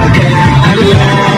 Okay, I'm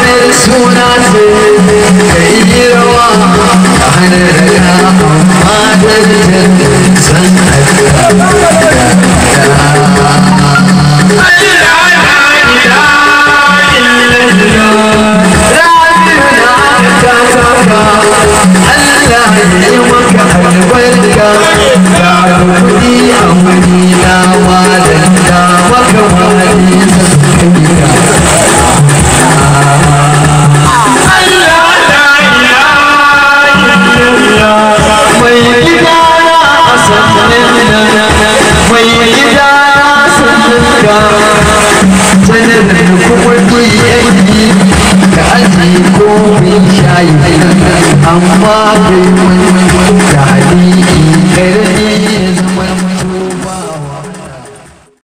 ni suna ce ka rawa ba sanar da kuma da aji ko mai shayi amma kai wani da ni